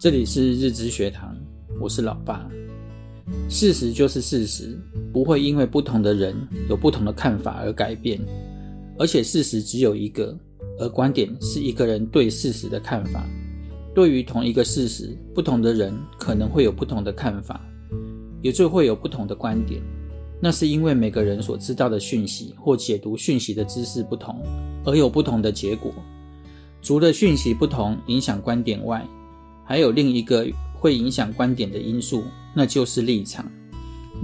這裡是日知學堂，我是老爸。事實就是事實，不會因為不同的人有不同的看法而改變。而且事實只有一個，而觀點是一個人對事實的看法。對於同一個事實，不同的人可能會有不同的看法，也就會有不同的觀點。那是因為每個人所知道的訊息或解讀訊息的知識不同，而有不同的結果。除了訊息不同影響觀點外，還有另一個會影響觀點的因素，那就是立場。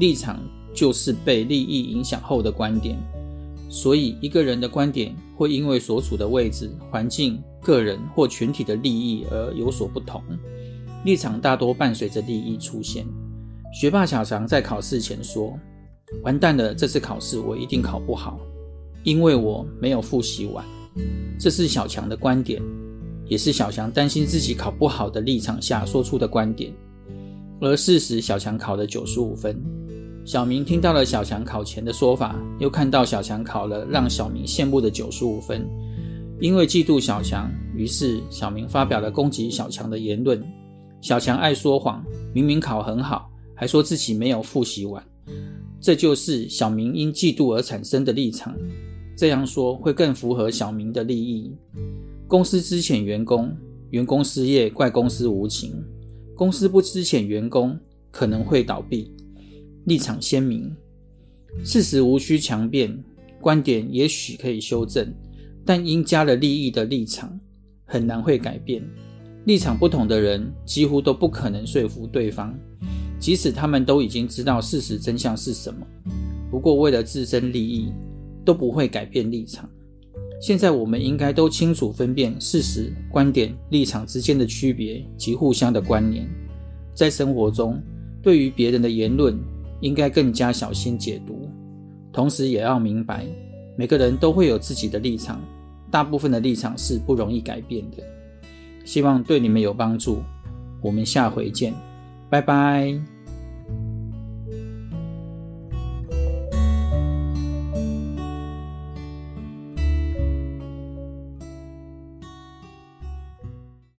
立場就是被利益影響後的觀點，所以一個人的觀點會因為所處的位置、環境、個人或群體的利益而有所不同。立場大多伴隨着利益出現。學霸小強在考試前說：“完蛋了，這次考試我一定考不好，因為我沒有複習完。”這是小強的觀點。也是小強擔心自己考不好的立場下說出的觀點，而事實小強考了九十五分。小明聽到了小強考前的說法，又看到小強考了讓小明羨慕的九十五分，因為嫉妒小強，於是小明發表了攻擊小強的言論。小強愛說謊，明明考很好，還說自己沒有複習完。這就是小明因嫉妒而產生的立場，這樣說會更符合小明的利益。公司資遣員工，員工失業怪公司無情；公司不資遣員工，可能會倒閉。立場鮮明，事實無需強辯，觀點也許可以修正，但因加了利益的立場，很難會改變。立場不同的人，幾乎都不可能說服對方，即使他們都已經知道事實真相是什麼。不過，為了自身利益，都不會改變立場。現在我們應該都清楚分辨事實、觀點、立場之間的區別及互相的關聯。在生活中，對於別人的言論，應該更加小心解讀，同時也要明白，每個人都會有自己的立場，大部分的立場是不容易改變的。希望對你們有幫助。我們下回見，拜拜。